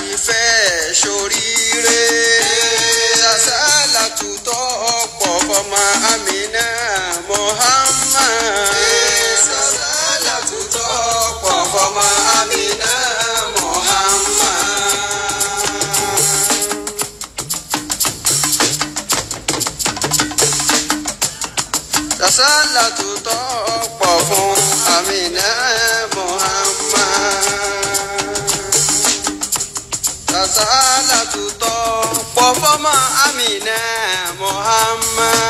ti fẹ́ ṣoríire lásàlà tutọ́ ọ̀pọ̀ ọmọ Amina Muhammad. lásàlà tutọ́ ọ̀pọ̀ ọmọ Amina Muhammad. lásàlà tutọ́ ọ̀pọ̀ fún Amina. rasalatu tó pọ̀ fọ́mọ Amina Muhammad.